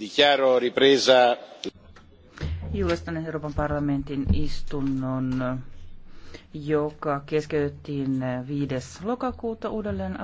Dichiaro ripresa. Julistan Euroopan parlamentin istunnon, joka keskeytettiin 5. lokakuuta uudelleen